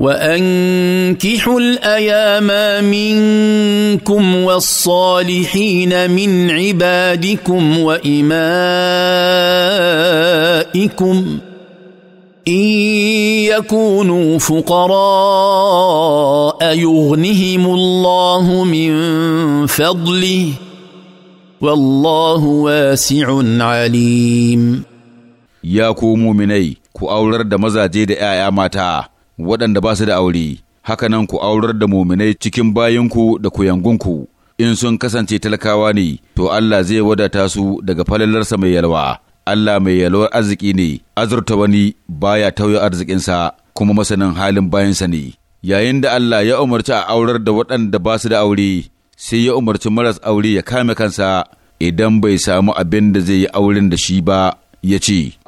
وانكحوا الايام منكم والصالحين من عبادكم وامائكم ان يكونوا فقراء يغنهم الله من فضله والله واسع عليم يا كومو مني كو أولر دا مزاجي دا آيا ماتا waɗanda ba su da aure, hakanan ku aurar da muminai cikin bayanku da ku kuyangunku, in sun kasance talakawa ne, to Allah zai wadata su daga falalarsa mai yalwa. Allah mai yalwar arziki ne, azurta wani baya tauye arzikinsa kuma masanin halin bayansa ne. Yayin da Allah ya umarci a aurar da waɗanda ba su da aure, sai ya umarci maras aure ya kame kansa idan bai samu abin da zai yi auren da shi ba, ya ce,